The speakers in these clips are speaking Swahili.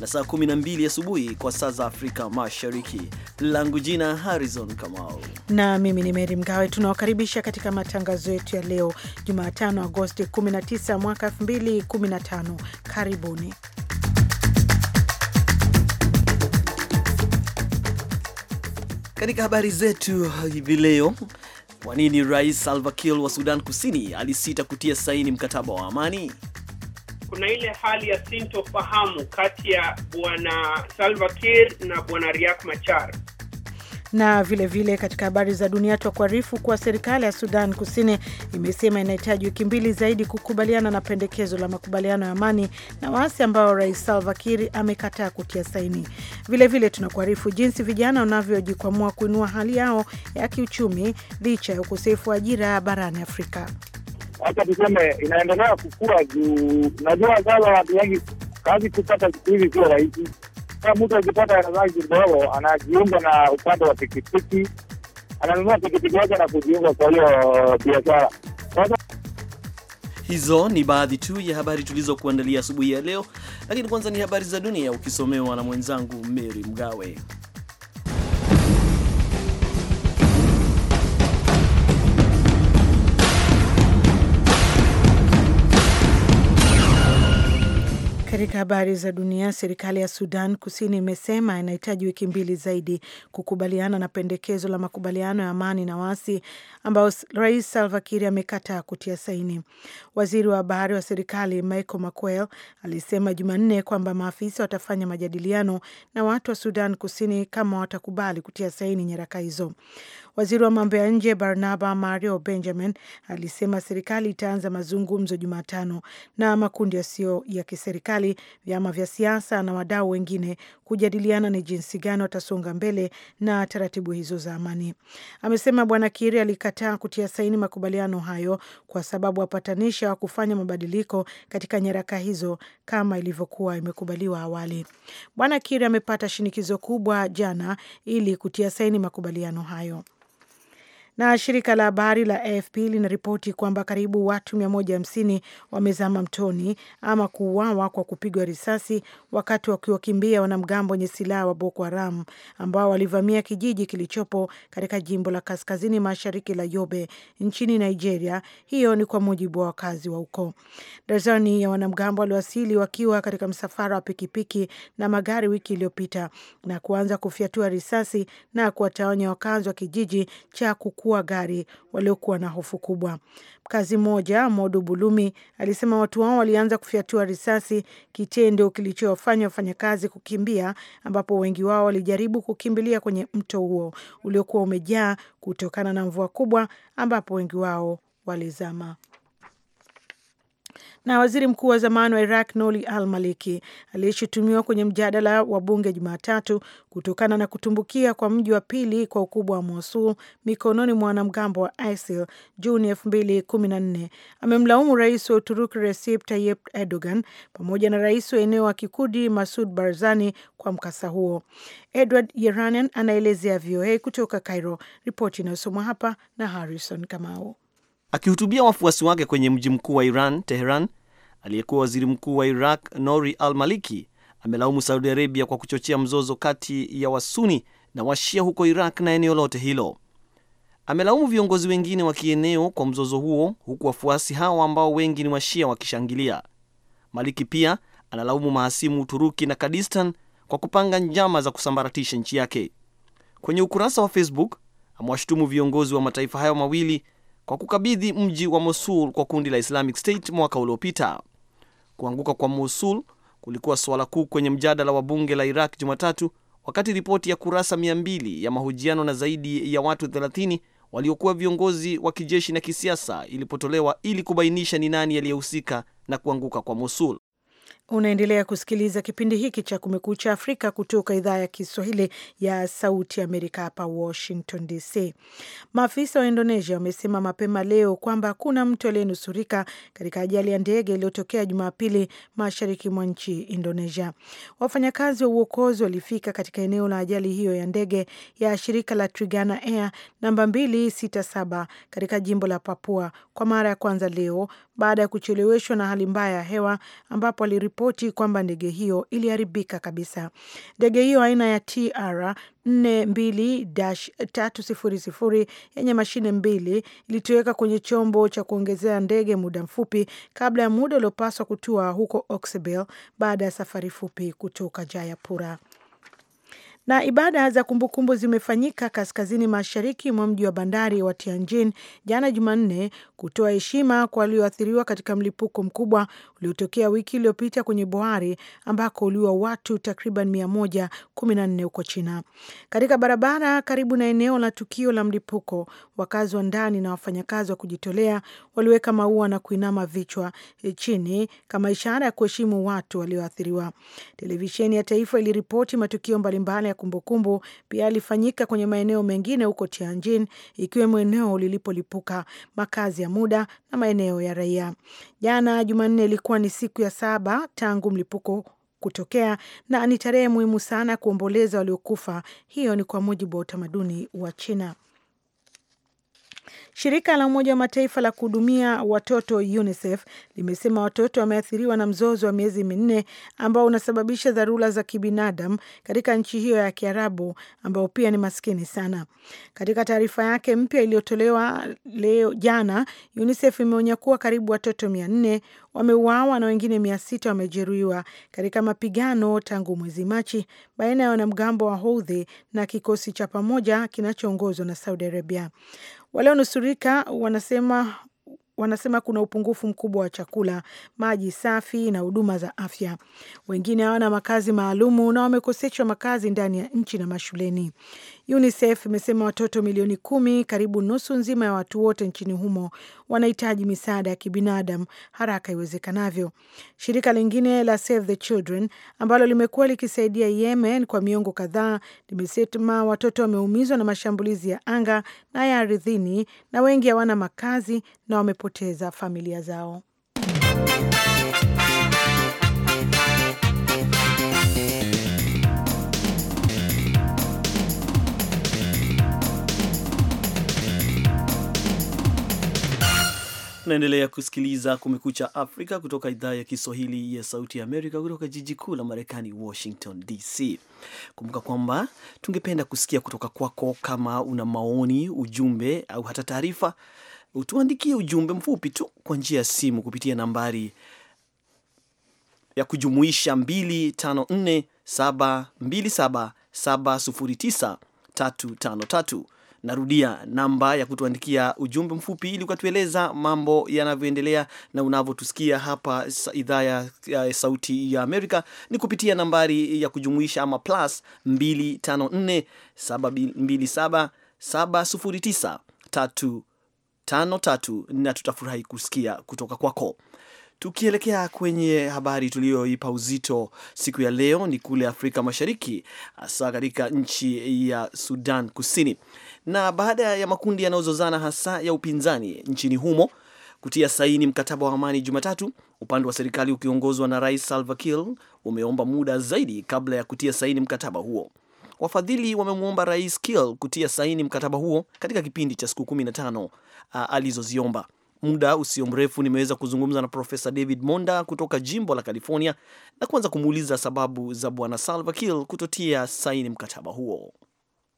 na saa 12 asubuhi kwa saa za Afrika Mashariki. Langu jina Harrison Kamau na mimi ni Meri Mgawe. Tunawakaribisha katika matangazo yetu ya leo Jumatano, Agosti 19 mwaka 2015. Karibuni. Katika habari zetu hivi leo, kwa nini Rais Salva Kiir wa Sudan Kusini alisita kutia saini mkataba wa amani? kuna ile hali ya sintofahamu kati ya bwana Salva Kiir na bwana Riek Machar na vilevile vile katika habari za dunia kuharifu kuwa serikali ya Sudan Kusini imesema inahitaji wiki mbili zaidi kukubaliana na pendekezo la makubaliano ya amani na waasi ambao rais Salva Kiir amekataa kutia saini. Vilevile tunakuarifu jinsi vijana wanavyojikwamua kuinua hali yao ya kiuchumi licha ya ukosefu wa ajira barani Afrika hata tuseme inaendelea kukua juu najua sasa watu wengi kazi kupata siku hizi sio rahisi. Kama mtu akipata hela kidogo, anajiunga na upande wa pikipiki, ananunua pikipiki yake na kujiunga kwa hiyo biashara. Hizo ni baadhi tu ya habari tulizokuandalia asubuhi ya leo, lakini kwanza ni habari za dunia ukisomewa na mwenzangu Mary Mgawe. Katika habari za dunia, serikali ya Sudan Kusini imesema inahitaji wiki mbili zaidi kukubaliana na pendekezo la makubaliano ya amani na waasi ambao Rais Salva Kiir amekataa kutia saini. Waziri wa habari wa serikali Michael Makwel alisema Jumanne kwamba maafisa watafanya majadiliano na watu wa Sudan Kusini kama watakubali kutia saini nyaraka hizo. Waziri wa mambo ya nje Barnaba Mario Benjamin alisema serikali itaanza mazungumzo Jumatano na makundi yasiyo ya kiserikali, vyama vya siasa na wadau wengine kujadiliana ni jinsi gani watasonga mbele na taratibu hizo za amani. Amesema Bwana Kiri alikataa kutia saini makubaliano hayo kwa sababu wapatanisha wa kufanya mabadiliko katika nyaraka hizo kama ilivyokuwa imekubaliwa awali. Bwana Kiri amepata shinikizo kubwa jana ili kutia saini makubaliano hayo. Na shirika la habari la AFP linaripoti kwamba karibu watu 150 wamezama mtoni ama kuuawa kwa kupigwa risasi wakati wakiwakimbia wanamgambo wenye silaha wa Boko Haram ambao walivamia kijiji kilichopo katika jimbo la kaskazini mashariki la Yobe nchini Nigeria. Hiyo ni kwa mujibu wa wakazi wa huko. Darzani ya wanamgambo waliwasili wakiwa katika msafara wa pikipiki na magari wiki iliyopita na kuanza kufyatua risasi na kuwatawanya wakazi wa kijiji cha Kuku kuwa gari waliokuwa na hofu kubwa. Mkazi mmoja Modu Bulumi alisema watu hao walianza kufyatua risasi, kitendo kilichowafanya wafanyakazi kukimbia, ambapo wengi wao walijaribu kukimbilia kwenye mto huo uliokuwa umejaa kutokana na mvua kubwa, ambapo wengi wao walizama na waziri mkuu wa zamani wa Iraq Noli Al Maliki aliyeshutumiwa kwenye mjadala wa bunge Jumatatu kutokana na kutumbukia kwa mji wa pili kwa ukubwa wa Mosul mikononi mwa wanamgambo wa ISIL Juni elfu mbili kumi na nne amemlaumu rais wa Uturuki Recep Tayyip Erdogan pamoja na rais wa eneo wa Kikudi Masud Barzani kwa mkasa huo. Edward Yeranian anaelezea VOA kutoka Cairo, ripoti inayosomwa hapa na Harrison Kamau. Akihutubia wafuasi wake kwenye mji mkuu wa Iran, Teheran, aliyekuwa waziri mkuu wa Iraq Nori al Maliki amelaumu Saudi Arabia kwa kuchochea mzozo kati ya Wasuni na Washia huko Iraq na eneo lote hilo. Amelaumu viongozi wengine wa kieneo kwa mzozo huo, huku wafuasi hao ambao wengi ni Washia wakishangilia. Maliki pia analaumu mahasimu Uturuki na Kurdistan kwa kupanga njama za kusambaratisha nchi yake. Kwenye ukurasa wa Facebook amewashutumu viongozi wa mataifa hayo mawili kwa kukabidhi mji wa Mosul kwa kundi la Islamic State mwaka uliopita. Kuanguka kwa Mosul kulikuwa suala kuu kwenye mjadala wa bunge la Iraq Jumatatu, wakati ripoti ya kurasa 200 ya mahojiano na zaidi ya watu 30 waliokuwa viongozi wa kijeshi na kisiasa ilipotolewa ili kubainisha ni nani aliyehusika na kuanguka kwa Mosul. Unaendelea kusikiliza kipindi hiki cha Kumekucha Afrika kutoka idhaa ya Kiswahili ya Sauti Amerika, hapa Washington DC. Maafisa wa Indonesia wamesema mapema leo kwamba hakuna mtu aliyenusurika katika ajali ya ndege iliyotokea Jumapili mashariki mwa nchi Indonesia. Wafanyakazi wa uokozi walifika katika eneo la ajali hiyo ya ndege ya shirika la Trigana Air namba 267 katika jimbo la Papua kwa mara ya kwanza leo baada ya kucheleweshwa na hali mbaya ya hewa, ambapo aliripoti kwamba ndege hiyo iliharibika kabisa. Ndege hiyo aina ya TR 42-300 yenye mashine mbili ilitoweka kwenye chombo cha kuongezea ndege muda mfupi kabla ya muda uliopaswa kutua huko Oksibel baada ya safari fupi kutoka Jayapura na ibada za kumbukumbu zimefanyika kaskazini mashariki mwa mji wa bandari wa Tianjin jana Jumanne kutoa heshima kwa walioathiriwa katika mlipuko mkubwa uliotokea wiki iliyopita kwenye bohari ambako uliwa watu takriban 114 huko China. Katika barabara karibu na eneo la tukio la mlipuko, wakazi wa ndani na wafanyakazi wa kujitolea waliweka maua na kuinama vichwa e, chini kama ishara ya kuheshimu watu walioathiriwa. Televisheni ya taifa iliripoti matukio mbalimbali ya kumbukumbu pia alifanyika kwenye maeneo mengine huko Tianjin, ikiwemo eneo lilipolipuka, makazi ya muda na maeneo ya raia. Jana Jumanne ilikuwa ni siku ya saba tangu mlipuko kutokea na ni tarehe muhimu sana kuomboleza waliokufa. Hiyo ni kwa mujibu wa utamaduni wa China. Shirika la Umoja wa Mataifa la kuhudumia watoto UNICEF limesema watoto wameathiriwa na mzozo wa miezi minne ambao unasababisha dharura za kibinadamu katika nchi hiyo ya Kiarabu ambao pia ni maskini sana. Katika taarifa yake mpya iliyotolewa leo jana, UNICEF imeonya kuwa karibu watoto mia nne wameuawa na wengine mia sita wamejeruhiwa katika mapigano tangu mwezi Machi baina ya wanamgambo wa Houthi na kikosi cha pamoja kinachoongozwa na Saudi Arabia. Walionusurika wanasema wanasema kuna upungufu mkubwa wa chakula, maji safi na huduma za afya. Wengine hawana makazi maalumu na wamekoseshwa makazi ndani ya nchi na mashuleni. UNICEF imesema watoto milioni kumi, karibu nusu nzima ya watu wote nchini humo, wanahitaji misaada ya kibinadamu haraka iwezekanavyo. Shirika lingine la Save the Children ambalo limekuwa likisaidia Yemen kwa miongo kadhaa limesema watoto wameumizwa na mashambulizi ya anga na ya ardhini, na wengi hawana makazi na wamepoteza familia zao. Tunaendelea kusikiliza Kumekucha Afrika kutoka idhaa ya Kiswahili ya Sauti ya Amerika, kutoka jiji kuu la Marekani, Washington DC. Kumbuka kwamba tungependa kusikia kutoka kwako. Kama una maoni, ujumbe au hata taarifa, tuandikie ujumbe mfupi tu kwa njia ya simu kupitia nambari ya kujumuisha 254727709353 Narudia namba ya kutuandikia ujumbe mfupi ili ukatueleza mambo yanavyoendelea na unavyotusikia hapa idhaa ya Sauti ya Amerika ni kupitia nambari ya kujumuisha ama plus 254 727 709 tatu, na tutafurahi kusikia kutoka kwako. Tukielekea kwenye habari tuliyoipa uzito siku ya leo ni kule Afrika Mashariki, hasa katika nchi ya Sudan Kusini, na baada ya makundi yanayozozana hasa ya upinzani nchini humo kutia saini mkataba wa amani Jumatatu, upande wa serikali ukiongozwa na Rais Salva Kiir umeomba muda zaidi kabla ya kutia saini mkataba huo. Wafadhili wamemwomba Rais Kiir kutia saini mkataba huo katika kipindi cha siku 15 ah, alizoziomba. Muda usio mrefu nimeweza kuzungumza na Profesa David Monda kutoka jimbo la California na kuanza kumuuliza sababu za Bwana Salva Kiir kutotia saini mkataba huo.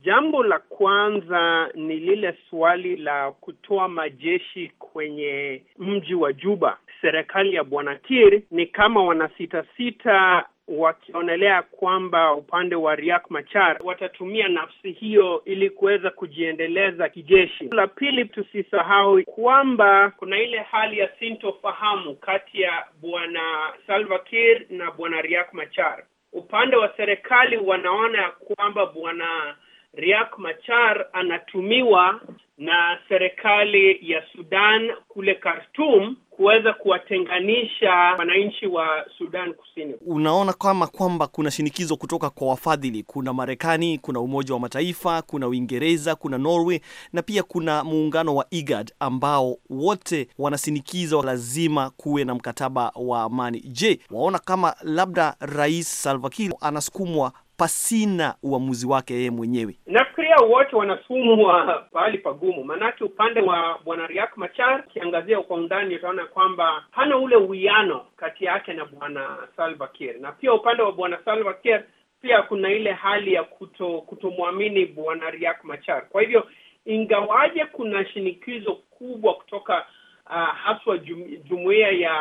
Jambo la kwanza ni lile swali la kutoa majeshi kwenye mji wa Juba. Serikali ya Bwana Kiir ni kama wanasitasita wakionelea kwamba upande wa riak Machar watatumia nafsi hiyo ili kuweza kujiendeleza kijeshi. La pili, tusisahau kwamba kuna ile hali ya sintofahamu kati ya bwana Salva Kiir na bwana riak Machar. Upande wa serikali wanaona ya kwamba bwana Riak Machar anatumiwa na serikali ya Sudan kule Khartoum kuweza kuwatenganisha wananchi wa Sudan Kusini. Unaona kama kwamba kuna shinikizo kutoka kwa wafadhili, kuna Marekani, kuna Umoja wa Mataifa, kuna Uingereza, kuna Norway na pia kuna muungano wa IGAD ambao wote wanashinikiza lazima kuwe na mkataba wa amani. Je, waona kama labda Rais Salva Kiir anasukumwa pasina uamuzi wake yeye mwenyewe. Nafikiria wote wanasumwa pahali pagumu, maanake upande wa bwana Riak Machar, ukiangazia kwa undani utaona kwamba hana ule uwiano kati yake na bwana Salva Kiir, na pia upande wa bwana Salva Kiir pia kuna ile hali ya kuto kutomwamini bwana Riak Machar. Kwa hivyo ingawaje kuna shinikizo kubwa kutoka uh, haswa jumuiya ya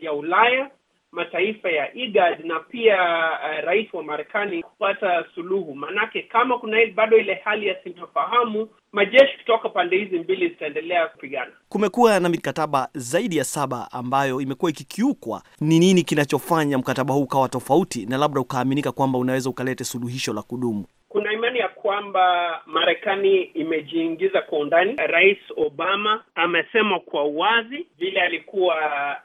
ya Ulaya mataifa ya IGAD na pia uh, rais wa Marekani kupata suluhu, maanake kama kuna bado ile hali ya sintofahamu, majeshi kutoka pande hizi mbili zitaendelea kupigana. Kumekuwa na mikataba zaidi ya saba ambayo imekuwa ikikiukwa. Ni nini kinachofanya mkataba huu ukawa tofauti na labda ukaaminika kwamba unaweza ukalete suluhisho la kudumu? kuna imani ya kwamba Marekani imejiingiza kwa undani. Rais Obama amesema kwa uwazi vile alikuwa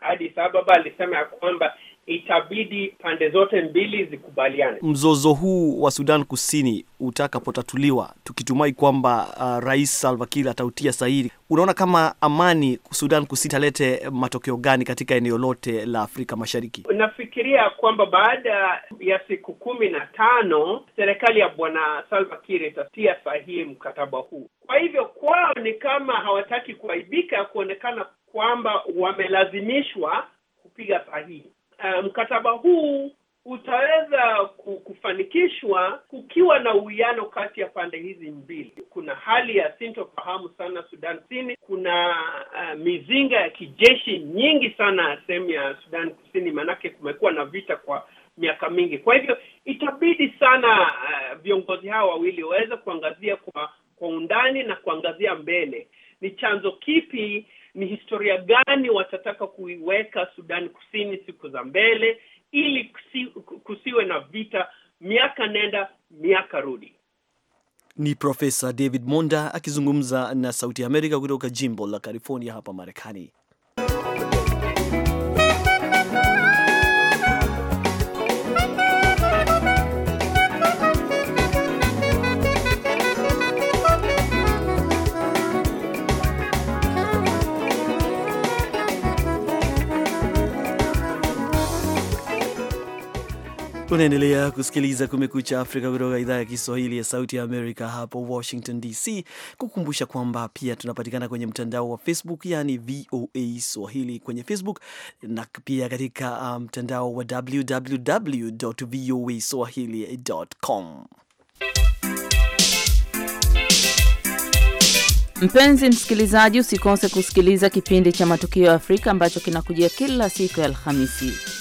Addis Ababa, alisema ya kwamba itabidi pande zote mbili zikubaliane. Mzozo huu wa Sudan Kusini utakapotatuliwa, tukitumai kwamba uh, Rais Salva Kiir atautia sahihi, unaona kama amani Sudan Kusini italete matokeo gani katika eneo lote la Afrika Mashariki? Nafikiria kwamba baada ya siku kumi na tano serikali ya Bwana Salva Kiir itatia sahihi mkataba huu. Kwa hivyo kwao ni kama hawataki kuaibika, kuonekana kwamba wamelazimishwa kupiga sahihi. Eh, mkataba um, huu utaweza kufanikishwa kukiwa na uwiano kati ya pande hizi mbili. Kuna hali ya sintofahamu sana Sudan Kusini, kuna uh, mizinga ya kijeshi nyingi sana sehemu ya Sudan Kusini, maanake kumekuwa na vita kwa miaka mingi. Kwa hivyo itabidi sana uh, viongozi hawa wawili waweze kuangazia kwa kwa undani na kuangazia mbele ni chanzo kipi ni historia gani watataka kuiweka Sudani Kusini siku za mbele, ili kusi, kusiwe na vita miaka nenda miaka rudi. Ni Profesa David Monda akizungumza na Sauti ya Amerika kutoka jimbo la California hapa Marekani. Unaendelea kusikiliza Kumekucha Afrika kutoka idhaa ya Kiswahili ya Sauti ya Amerika hapo Washington DC, kukumbusha kwamba pia tunapatikana kwenye mtandao wa Facebook, yani VOA Swahili kwenye Facebook na pia katika uh, mtandao wa www voa swahili.com. Mpenzi msikilizaji, usikose kusikiliza kipindi cha Matukio ya Afrika ambacho kinakujia kila siku ya Alhamisi.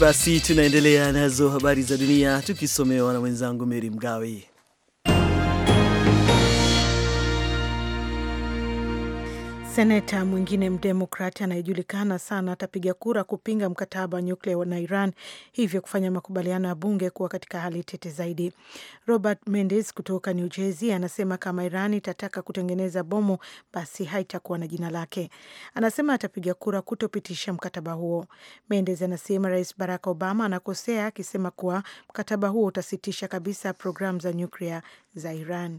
Basi tunaendelea nazo habari za dunia tukisomewa na mwenzangu Meri Mgawe. Seneta mwingine mdemokrati anayejulikana sana atapiga kura kupinga mkataba wa nyuklia na Iran, hivyo kufanya makubaliano ya bunge kuwa katika hali tete zaidi. Robert Mendes kutoka New Jersey anasema kama Iran itataka kutengeneza bomu, basi haitakuwa na jina lake. Anasema atapiga kura kutopitisha mkataba huo. Mendes anasema Rais Barack Obama anakosea akisema kuwa mkataba huo utasitisha kabisa programu za nyuklia za Iran.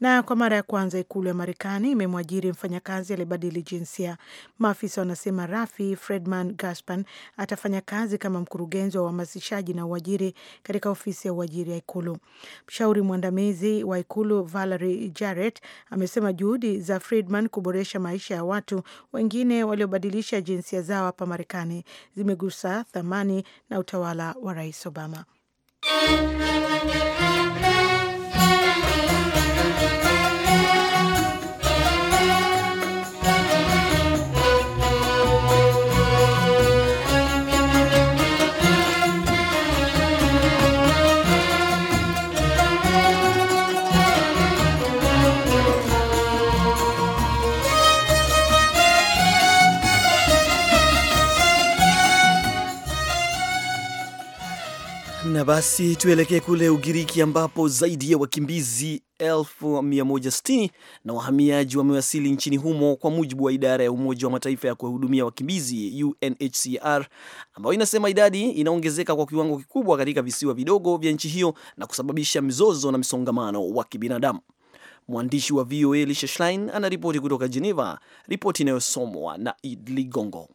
Na kwa mara ya kwanza ikulu ya Marekani imemwajiri mfanyakazi aliyebadili jinsia. Maafisa wanasema Rafi Fredman Gaspan atafanya kazi kama mkurugenzi wa uhamasishaji na uajiri katika ofisi ya uajiri ya ikulu. Mshauri mwandamizi wa ikulu Valerie Jarrett amesema juhudi za Fredman kuboresha maisha ya watu wengine waliobadilisha jinsia zao hapa Marekani zimegusa thamani na utawala wa Rais Obama. Na basi tuelekee kule Ugiriki ambapo zaidi ya wakimbizi 1160 na wahamiaji wamewasili nchini humo kwa mujibu wa idara ya Umoja wa Mataifa ya kuwahudumia wakimbizi UNHCR, ambayo inasema idadi inaongezeka kwa kiwango kikubwa katika visiwa vidogo vya nchi hiyo na kusababisha mizozo na msongamano wa kibinadamu. Mwandishi wa VOA Lisha Schlein anaripoti kutoka Geneva, ripoti inayosomwa na idli gongo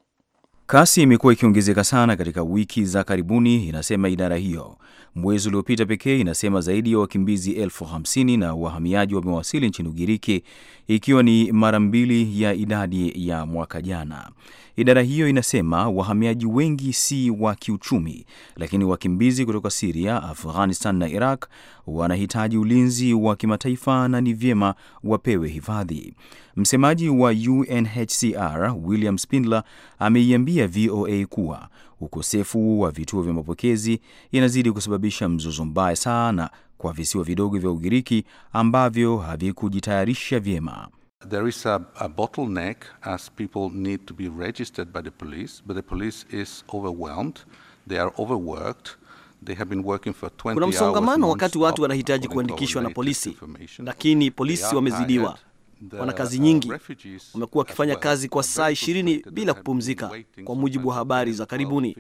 Kasi imekuwa ikiongezeka sana katika wiki za karibuni, inasema idara hiyo. Mwezi uliopita pekee, inasema zaidi ya wakimbizi elfu hamsini na wahamiaji wamewasili nchini Ugiriki, ikiwa ni mara mbili ya idadi ya mwaka jana. Idara hiyo inasema wahamiaji wengi si wa kiuchumi, lakini wakimbizi kutoka Siria, Afghanistan na Iraq wanahitaji ulinzi wa kimataifa na ni vyema wapewe hifadhi. Msemaji wa UNHCR William Spindler ameiambia VOA kuwa ukosefu wa vituo vya mapokezi inazidi kusababisha mzozo mbaya sana kwa visiwa vidogo vya Ugiriki ambavyo havikujitayarisha vyema. There is a, a, bottleneck as people need to be registered by the police, but the police is overwhelmed. They are overworked. They have been working for 20 Kuna msongamano wakati watu wanahitaji kuandikishwa na polisi, lakini polisi wamezidiwa, wana kazi nyingi. Wamekuwa wakifanya kazi kwa saa ishirini bila kupumzika, kwa mujibu wa habari za karibuni.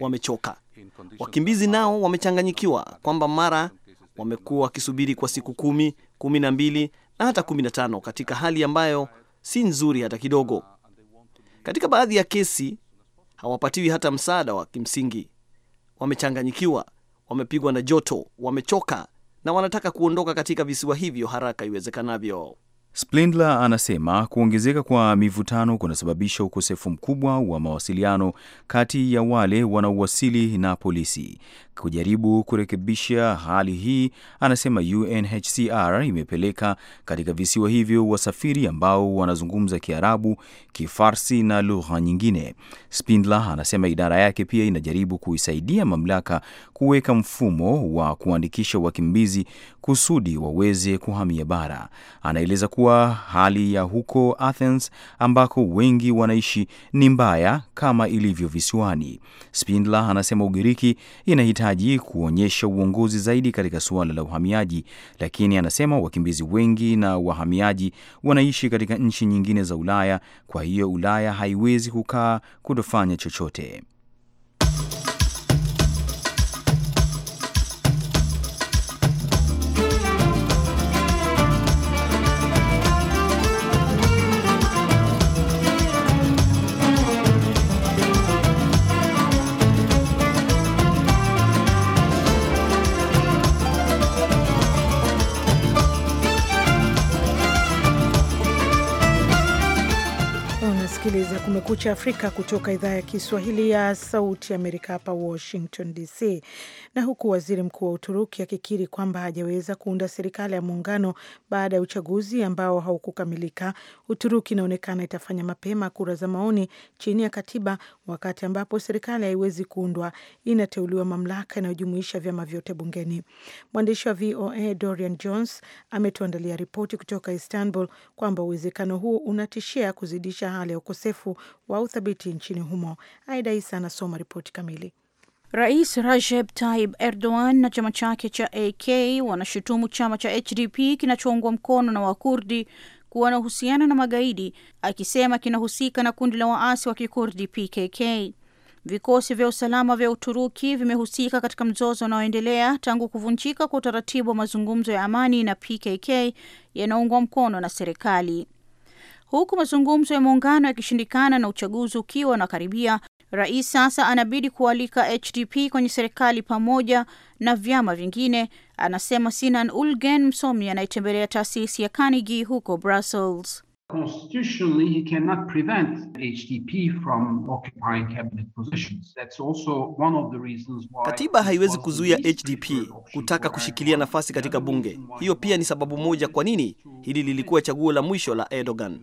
Wamechoka. Wakimbizi nao wamechanganyikiwa kwamba mara wamekuwa wakisubiri kwa siku kumi, kumi na mbili na hata 15 katika hali ambayo si nzuri hata kidogo. Katika baadhi ya kesi hawapatiwi hata msaada wa kimsingi. Wamechanganyikiwa, wamepigwa na joto, wamechoka na wanataka kuondoka katika visiwa hivyo haraka iwezekanavyo. Splindler anasema kuongezeka kwa mivutano kunasababisha ukosefu mkubwa wa mawasiliano kati ya wale wanaowasili na polisi. Kujaribu kurekebisha hali hii, anasema UNHCR imepeleka katika visiwa hivyo wasafiri ambao wanazungumza Kiarabu, Kifarsi na lugha nyingine. Spindler anasema idara yake pia inajaribu kuisaidia mamlaka kuweka mfumo wa kuandikisha wakimbizi kusudi waweze kuhamia bara. Anaeleza kuwa hali ya huko Athens ambako wengi wanaishi ni mbaya kama ilivyo visiwani. Spindler anasema Ugiriki inahitaji wanahitaji kuonyesha uongozi zaidi katika suala la uhamiaji, lakini anasema wakimbizi wengi na wahamiaji wanaishi katika nchi nyingine za Ulaya, kwa hiyo Ulaya haiwezi kukaa kutofanya chochote. Kumekucha Afrika kutoka idhaa ya Kiswahili ya Sauti Amerika hapa Washington DC. Na huku waziri mkuu wa Uturuki akikiri kwamba hajaweza kuunda serikali ya muungano baada ya uchaguzi ambao haukukamilika, Uturuki inaonekana itafanya mapema kura za maoni chini ya katiba wakati ambapo serikali haiwezi kuundwa, inateuliwa mamlaka inayojumuisha vyama vyote bungeni. Mwandishi wa VOA Dorian Jones ametuandalia ripoti kutoka Istanbul kwamba uwezekano huo unatishia kuzidisha hali ya ukosefu wa uthabiti nchini humo. Aida Isa anasoma ripoti kamili. Rais Recep Tayyip Erdogan na chama chake cha AK wanashutumu chama cha HDP kinachoungwa mkono na Wakurdi kuwa na uhusiano na magaidi, akisema kinahusika na kundi la waasi wa Kikurdi PKK. Vikosi vya usalama vya Uturuki vimehusika katika mzozo unaoendelea tangu kuvunjika kwa utaratibu wa mazungumzo ya amani na PKK yanaungwa mkono na serikali. Huku mazungumzo ya muungano yakishindikana na uchaguzi ukiwa unakaribia, Rais sasa anabidi kualika HDP kwenye serikali pamoja na vyama vingine, anasema Sinan Ulgen, msomi anayetembelea taasisi ya Carnegie huko Brussels. Constitutionally, he cannot prevent HDP from occupying cabinet positions. That's also one of the reasons why... Katiba haiwezi kuzuia HDP kutaka kushikilia nafasi katika bunge. Hiyo pia ni sababu moja kwa nini hili lilikuwa chaguo la mwisho la Erdogan.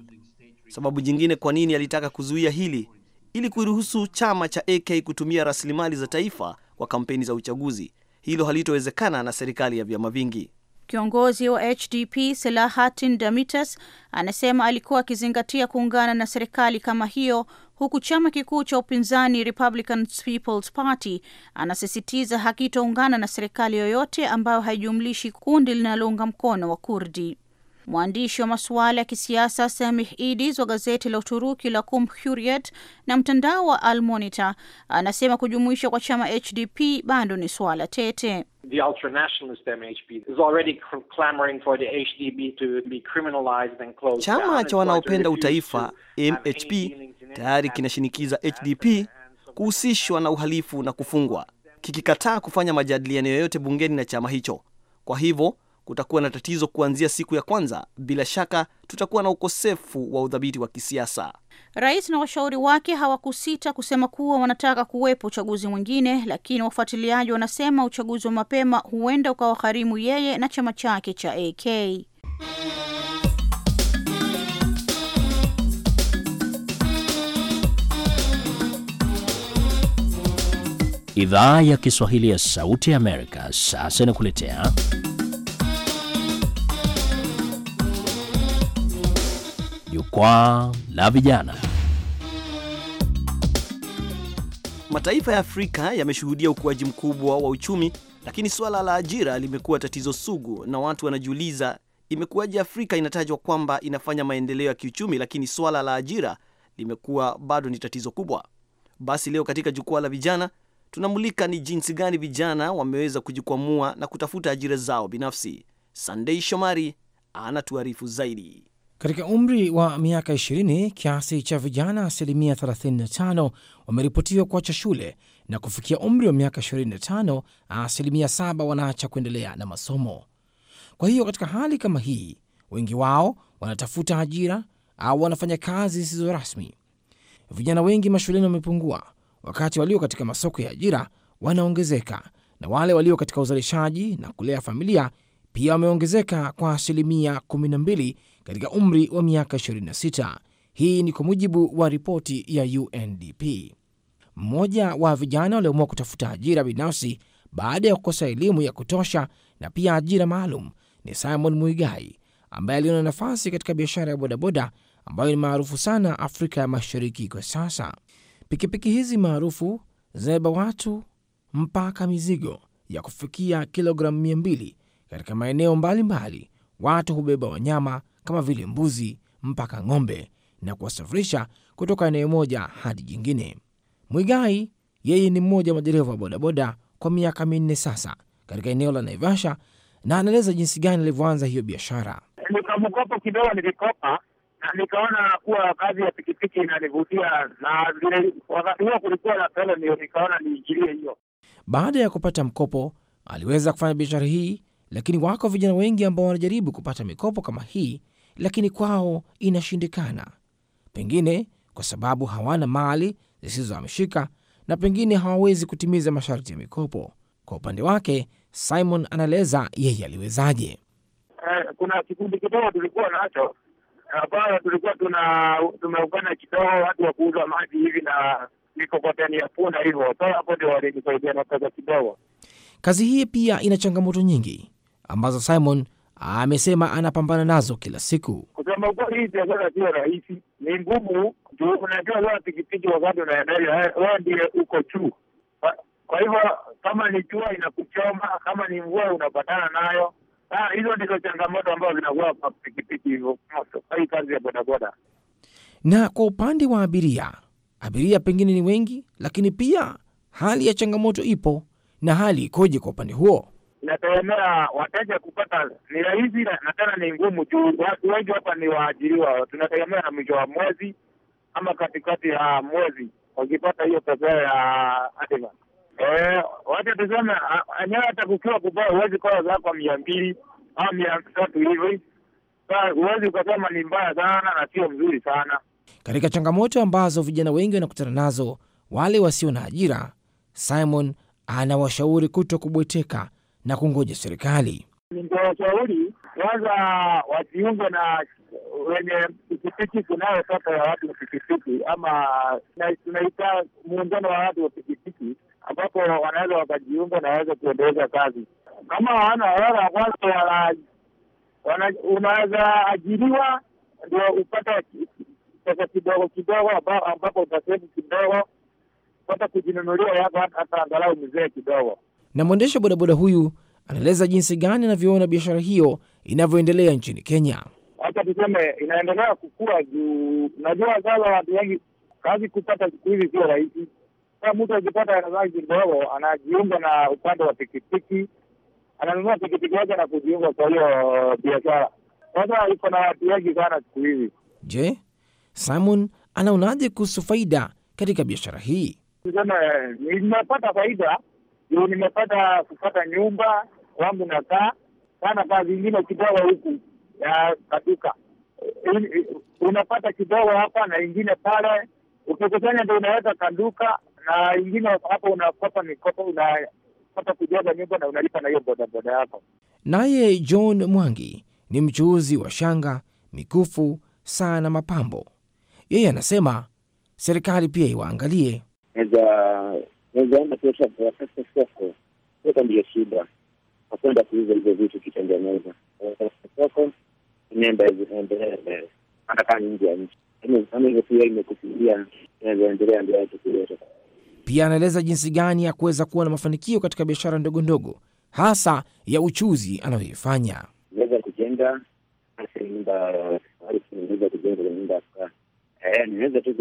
Sababu jingine kwa nini alitaka kuzuia hili ili kuiruhusu chama cha AK kutumia rasilimali za taifa kwa kampeni za uchaguzi. Hilo halitowezekana na serikali ya vyama vingi. Kiongozi wa HDP Selahattin Demirtas anasema alikuwa akizingatia kuungana na serikali kama hiyo, huku chama kikuu cha upinzani Republican People's Party anasisitiza hakitoungana na serikali yoyote ambayo haijumlishi kundi linalounga mkono wa Kurdi. Mwandishi wa masuala ya kisiasa Semih Idis wa gazeti la Uturuki la Kum huriet na mtandao wa Al Monitor anasema kujumuishwa kwa chama HDP bado ni swala tete. The ultranationalist MHP is already clamoring for the HDP to be criminalized and closed. Chama cha wanaopenda utaifa MHP tayari kinashinikiza HDP kuhusishwa na uhalifu na kufungwa, kikikataa kufanya majadiliano yoyote bungeni na chama hicho. Kwa hivyo kutakuwa na tatizo kuanzia siku ya kwanza. Bila shaka tutakuwa na ukosefu wa udhabiti wa kisiasa. Rais na washauri wake hawakusita kusema kuwa wanataka kuwepo uchaguzi mwingine, lakini wafuatiliaji wanasema uchaguzi wa mapema huenda ukawagharimu yeye na chama chake cha AK. Idhaa ya Kiswahili ya Sauti ya Amerika sasa inakuletea Jukwaa la Vijana. Mataifa ya Afrika yameshuhudia ukuaji mkubwa wa uchumi, lakini suala la ajira limekuwa tatizo sugu, na watu wanajiuliza imekuwaje Afrika inatajwa kwamba inafanya maendeleo ya kiuchumi, lakini suala la ajira limekuwa bado ni tatizo kubwa. Basi leo katika Jukwaa la Vijana tunamulika ni jinsi gani vijana wameweza kujikwamua na kutafuta ajira zao binafsi. Sandei Shomari anatuarifu zaidi. Katika umri wa miaka 20 kiasi cha vijana asilimia 35 wameripotiwa kuacha shule na kufikia umri wa miaka 25 asilimia 7 wanaacha kuendelea na masomo. Kwa hiyo katika hali kama hii, wengi wao wanatafuta ajira au wanafanya kazi zisizo rasmi. Vijana wengi mashuleni wamepungua, wakati walio katika masoko ya ajira wanaongezeka, na wale walio katika uzalishaji na kulea familia pia wameongezeka kwa asilimia 12 katika umri wa miaka 26. Hii ni kwa mujibu wa ripoti ya UNDP. Mmoja wa vijana walioamua kutafuta ajira binafsi baada ya kukosa elimu ya kutosha na pia ajira maalum ni Simon Muigai ambaye aliona nafasi katika biashara ya bodaboda ambayo ni maarufu sana Afrika ya Mashariki kwa sasa. Pikipiki hizi maarufu zinabeba watu mpaka mizigo ya kufikia kilogramu mia mbili katika maeneo mbalimbali. Watu hubeba wanyama, kama vile mbuzi mpaka ng'ombe na kuwasafirisha kutoka eneo moja hadi jingine. Mwigai yeye ni mmoja wa madereva wa bodaboda kwa miaka minne sasa katika eneo la Naivasha, na anaeleza jinsi gani alivyoanza hiyo biashara. Nikamkopo kidogo, nilikopa na nikaona kuwa kazi ya pikipiki inanivutia, na vile wakati huo kulikuwa na pele, ndio nikaona niingilie hiyo. Baada ya kupata mkopo, aliweza kufanya biashara hii, lakini wako vijana wengi ambao wanajaribu kupata mikopo kama hii lakini kwao inashindikana, pengine kwa sababu hawana mali zisizohamishika na pengine hawawezi kutimiza masharti ya mikopo. Kwa upande wake, Simon anaeleza yeye aliwezaje. Eh, kuna kikundi kidogo tulikuwa nacho ambayo tulikuwa tuna tumeungana kidogo, watu wa kuuza maji hivi na mikokoteni ya punda hivyo. Sasa hapo ndio walinisaidia na pesa kidogo. Kazi hii pia ina changamoto nyingi ambazo Simon amesema anapambana nazo kila siku. Kusema ukweli, hii sio rahisi, ni ngumu. Unajua wewe pikipiki, wakati unaendesha wewe ndiye uko juu. Kwa hivyo kama ni jua inakuchoma, kama ni mvua unapatana nayo. Ah, hizo ndizo changamoto ambazo zinakuwa kwa pikipiki, hivyo hii kazi ya bodaboda. Na kwa upande wa abiria, abiria pengine ni wengi, lakini pia hali ya changamoto ipo. Na hali ikoje kwa upande huo? inategemea wateja kupata ni rahisi na tena ni ngumu, juu watu wengi hapa ni waajiriwa. Tunategemea na mwisho wa mwezi ama katikati ya mwezi wakipata hiyo pesa ya advance. Eh, wacha tuseme enyewe, hata kukiwa kubaya huwezi koa zako mia mbili au mia tatu hivi, huwezi ukasema ni mbaya sana na sio mzuri sana. Katika changamoto ambazo vijana wengi wanakutana nazo, wale wasio na ajira, Simon anawashauri kuto kubweteka na kungoja serikali. Ningewashauri kwanza wajiunge na wenye pikipiki. Kunayo sasa ya watu wa pikipiki, ama tunaita muungano wa watu wa pikipiki, ambapo wanaweza wakajiunga na waweze kuendeleza kazi. Kama hawana hela kwanza, unaweza ajiriwa, ndio upata pesa kidogo kidogo, ambapo utasehemu kidogo, pata kujinunulia yako hata angalau mzee kidogo na mwendesha bodaboda huyu anaeleza jinsi gani anavyoona biashara hiyo inavyoendelea nchini Kenya. Hata tuseme inaendelea kukua juu, najua sasa watu wengi kazi kupata siku hizi sio rahisi. Kama mtu akipata hela zake kidogo, anajiunga na upande wa pikipiki, ananunua pikipiki yake na kujiunga kwa hiyo biashara. Sasa iko na watu wengi sana siku hizi. Je, Simon anaonaje kuhusu faida katika biashara hii? Tuseme nimepata faida ndio nimepata kupata nyumba kwangu, nakaa sana. Saa zingine kidogo huku ya kaduka unapata kidogo hapa na ingine pale, ukikusanya ndio unaweza kaduka na ingine hapo, unapata mikopo, unapata kujaza nyumba na unalipa na hiyo bodaboda yako. Naye John Mwangi ni mchuuzi wa shanga, mikufu, saa na mapambo. Yeye anasema serikali pia iwaangalie Wenzangu soko, soko shida, kuuza vitu kitengeneza soko, inaenda endelea mbele, hata nje ya nchi yaani, kama hivyo, pia mbele yake kuleta. Pia anaeleza jinsi gani ya kuweza kuwa na mafanikio katika biashara ndogo ndogo, hasa ya uchuzi anayoifanya. Naweza kujenga nyumba, naweza kujenga nyumba, naweza tu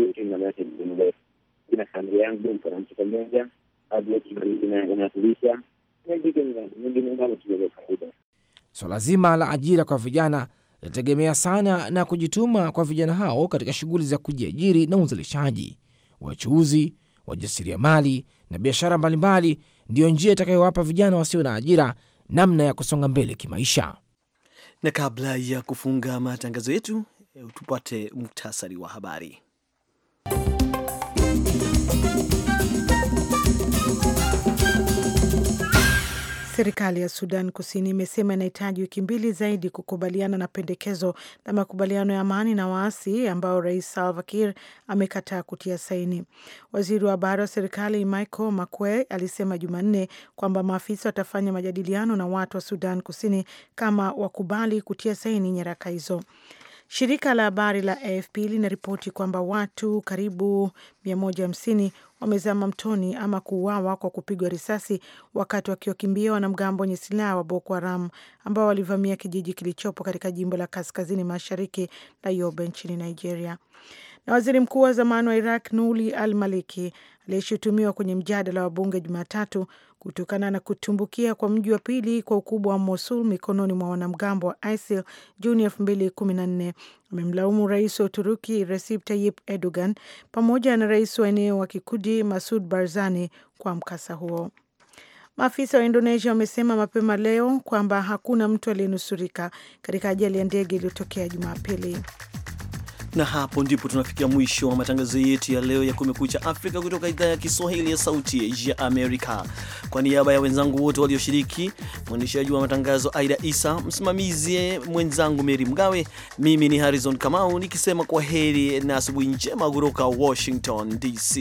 marafiki familia yangu mkaramsha inatulisha na vitu vingine ambavyo tuweza faida. Swala zima la ajira kwa vijana linategemea sana na kujituma kwa vijana hao katika shughuli za kujiajiri na uzalishaji. Wachuuzi, wajasiriamali na biashara mbalimbali ndiyo njia itakayowapa vijana wasio na ajira namna ya kusonga mbele kimaisha. Na kabla ya kufunga matangazo yetu, eh, tupate muktasari wa habari. Serikali ya Sudan Kusini imesema inahitaji wiki mbili zaidi kukubaliana na pendekezo la makubaliano ya amani na waasi ambao Rais Salva Kiir amekataa kutia saini. Waziri wa habari wa serikali Michael Makwe alisema Jumanne kwamba maafisa watafanya majadiliano na watu wa Sudan Kusini kama wakubali kutia saini nyaraka hizo. Shirika la habari la AFP linaripoti kwamba watu karibu 150 wamezama mtoni ama kuuawa kwa kupigwa risasi wakati wakiwakimbia wanamgambo wenye silaha wa Boko Haram ambao walivamia kijiji kilichopo katika jimbo la kaskazini mashariki la Yobe nchini Nigeria na waziri mkuu wa zamani wa Iraq nuli al Maliki aliyeshutumiwa kwenye mjadala wa bunge Jumatatu kutokana na kutumbukia kwa mji wa pili kwa ukubwa wa Mosul mikononi mwa wanamgambo wa ISIL Juni 2014 amemlaumu rais wa Uturuki Recep Tayyip Erdogan pamoja na rais wa eneo wa Kikudi Masud Barzani kwa mkasa huo. Maafisa wa Indonesia wamesema mapema leo kwamba hakuna mtu aliyenusurika katika ajali ya ndege iliyotokea Jumapili. Na hapo ndipo tunafikia mwisho wa matangazo yetu ya leo ya Kumekucha Afrika kutoka idhaa ya Kiswahili ya Sauti ya Amerika. Kwa niaba ya wenzangu wote walioshiriki, mwendeshaji wa matangazo Aida Isa, msimamizi mwenzangu Meri Mgawe, mimi ni Harrison Kamau nikisema kwa heri na asubuhi njema kutoka Washington DC.